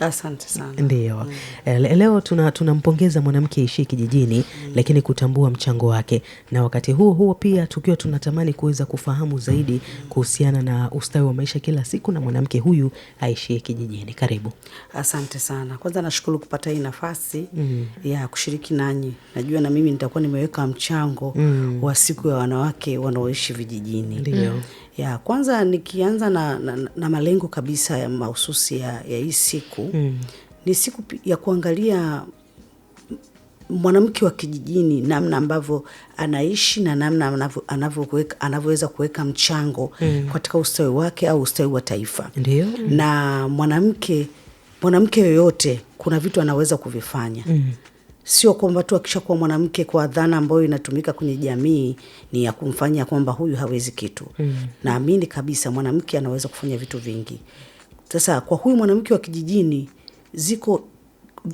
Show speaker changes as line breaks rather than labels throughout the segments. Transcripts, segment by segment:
Asante sana.
Ndio. Mm. Eh, leo tunampongeza tuna mwanamke aishie kijijini mm, lakini kutambua mchango wake, na wakati huo huo pia tukiwa tunatamani kuweza kufahamu zaidi mm. kuhusiana na ustawi wa maisha kila siku na mwanamke huyu aishie kijijini. Karibu.
Asante sana. Kwanza nashukuru kupata hii nafasi mm, ya kushiriki nanyi. Najua na mimi nitakuwa nimeweka mchango mm, wa siku ya wanawake wanaoishi vijijini. Ndio. Mm. Ya kwanza nikianza na, na, na malengo kabisa ya mahususi ya, ya hii siku mm. Ni siku ya kuangalia mwanamke wa kijijini namna ambavyo anaishi na namna anavyoweza kuweka mchango mm. katika ustawi wake au ustawi wa taifa. Ndiyo. Na mwanamke mwanamke yoyote kuna vitu anaweza kuvifanya mm sio kwamba tu akishakuwa mwanamke kwa dhana ambayo inatumika kwenye jamii ni ya kumfanya kwamba huyu hawezi kitu mm. Naamini kabisa mwanamke anaweza kufanya vitu vingi. Sasa kwa huyu mwanamke wa kijijini, ziko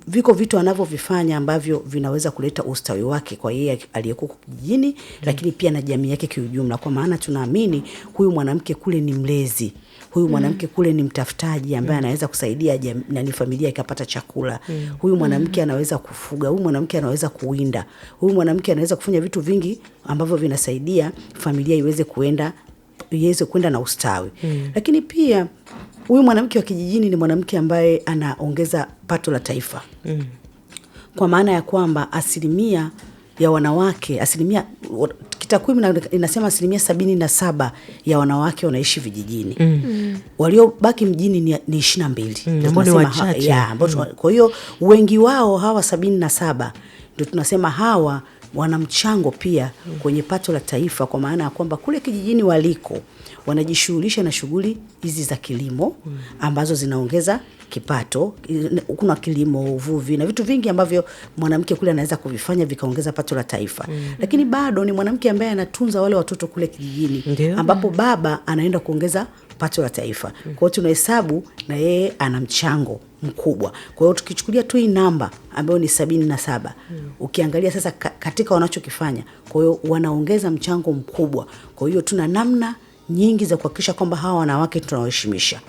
viko vitu anavyovifanya ambavyo vinaweza kuleta ustawi wake kwa yeye aliyekuko kijijini mm. Lakini pia na jamii yake kiujumla, kwa maana tunaamini huyu mwanamke kule ni mlezi huyu mm. mwanamke mm. kule ni mtafutaji ambaye mm. anaweza kusaidia nani familia ikapata chakula mm. huyu mm. mwanamke mm. anaweza kufuga, huyu mwanamke anaweza kuwinda, huyu mwanamke anaweza kufanya vitu vingi ambavyo vinasaidia familia iweze kuenda iweze kwenda na ustawi mm. lakini pia huyu mwanamke wa kijijini ni mwanamke ambaye anaongeza pato la taifa mm. kwa maana ya kwamba asilimia ya wanawake asilimia takwimu inasema asilimia sabini na saba ya wanawake wanaishi vijijini
mm.
mm.
Waliobaki mjini ni, ni ishirini na mbili mm, mm. Kwa hiyo wengi wao hawa sabini na saba ndio tunasema hawa wana mchango pia kwenye pato la taifa, kwa maana ya kwamba kule kijijini waliko wanajishughulisha na shughuli hizi za kilimo ambazo zinaongeza kipato. Kuna kilimo, uvuvi na vitu vingi ambavyo mwanamke kule anaweza kuvifanya vikaongeza pato la taifa mm. Lakini bado ni mwanamke ambaye anatunza wale watoto kule kijijini Ndiyo. ambapo baba anaenda kuongeza pato la taifa. Mm. Kwa hiyo tunahesabu na yeye ana mchango mkubwa. Kwa hiyo tukichukulia tu hii namba ambayo ni sabini na saba mm. ukiangalia sasa katika wanachokifanya, kwa hiyo wanaongeza mchango mkubwa. Kwa hiyo tuna namna nyingi za kuhakikisha kwamba hawa wanawake tunawaheshimisha.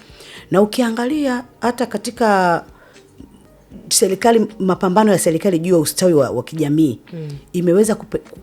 Na ukiangalia hata katika serikali, mapambano ya serikali juu ya ustawi wa, wa kijamii mm. imeweza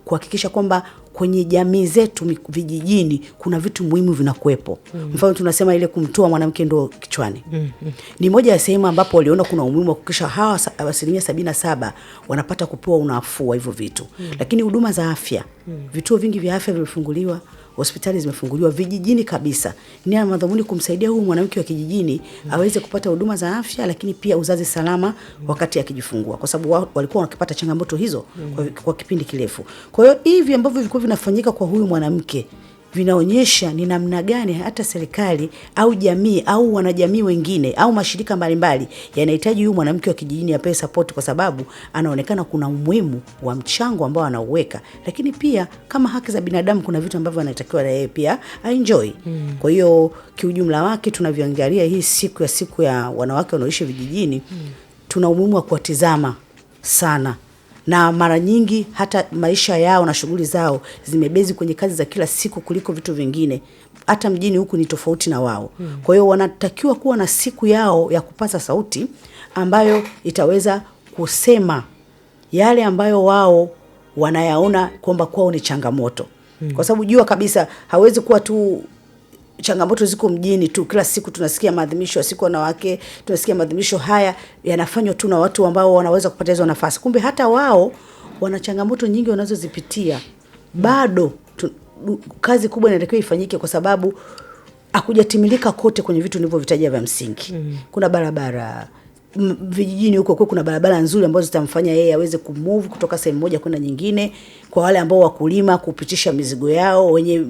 kuhakikisha kwamba kwenye jamii zetu vijijini kuna vitu muhimu vinakuwepo. mm. Mfano tunasema ile kumtoa mwanamke ndo kichwani. Mm, mm. Ni moja ya sehemu ambapo waliona kuna umuhimu wa kuhakikisha hawa asilimia sabini saba wanapata kupewa unafua hivyo vitu. mm. Lakini huduma za afya, mm. vituo vingi vya afya vimefunguliwa hospitali zimefunguliwa vijijini kabisa, nia madhumuni kumsaidia huyu mwanamke wa kijijini mm. aweze kupata huduma za afya, lakini pia uzazi salama mm. wakati akijifungua, kwa sababu walikuwa wakipata changamoto hizo mm. kwa, kwa kipindi kirefu. Kwa hiyo hivi ambavyo vilikuwa vinafanyika kwa huyu mwanamke vinaonyesha ni namna gani hata serikali au jamii au wanajamii wengine au mashirika mbalimbali yanahitaji huyu mwanamke wa kijijini apewe sapoti, kwa sababu anaonekana kuna umuhimu wa mchango ambao anauweka, lakini pia kama haki za binadamu, kuna vitu ambavyo anatakiwa na yeye pia aenjoy. hmm. Kwa hiyo kiujumla wake tunavyoangalia hii siku ya siku ya wanawake wanaoishi vijijini, hmm. tuna umuhimu wa kuwatizama sana na mara nyingi hata maisha yao na shughuli zao zimebezi kwenye kazi za kila siku kuliko vitu vingine. Hata mjini huku ni tofauti na wao hmm. Kwa hiyo wanatakiwa kuwa na siku yao ya kupaza sauti ambayo itaweza kusema yale ambayo wao wanayaona kwamba kwao ni changamoto hmm. Kwa sababu jua kabisa hawezi kuwa tu changamoto ziko mjini tu. Kila siku tunasikia maadhimisho ya siku wanawake, tunasikia maadhimisho haya yanafanywa tu na watu ambao wanaweza kupata hizo nafasi, kumbe hata wao wana changamoto nyingi wanazozipitia. Bado tu, kazi kubwa inatakiwa ifanyike kwa sababu hakujatimilika kote kwenye vitu nilivyovitaja vya msingi. Mm. Kuna barabara, vijijini huko kwa kuna barabara nzuri ambazo zitamfanya yeye aweze kumove kutoka sehemu moja kwenda nyingine. Kwa wale ambao wakulima, kupitisha mizigo yao, wenye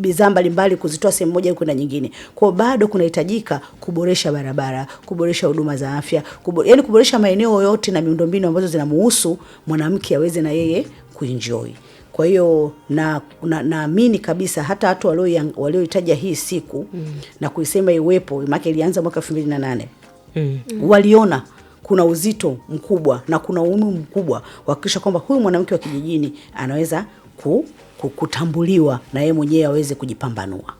bidhaa mbalimbali kuzitoa sehemu moja kwenda nyingine. Kwa bado kunahitajika kuboresha barabara, kuboresha huduma za afya, kubore, yani kuboresha maeneo yote na miundombinu ambazo zinamuhusu mwanamke aweze na yeye kuenjoy. Kwa hiyo naamini na, na kabisa hata watu walioitaja hii siku mm, na kuisema iwepo, maana ilianza mwaka 2008 mm. waliona kuna uzito mkubwa na kuna umuhimu mkubwa kuhakikisha kwamba huyu mwanamke wa kijijini anaweza ku, kutambuliwa na yeye mwenyewe aweze kujipambanua.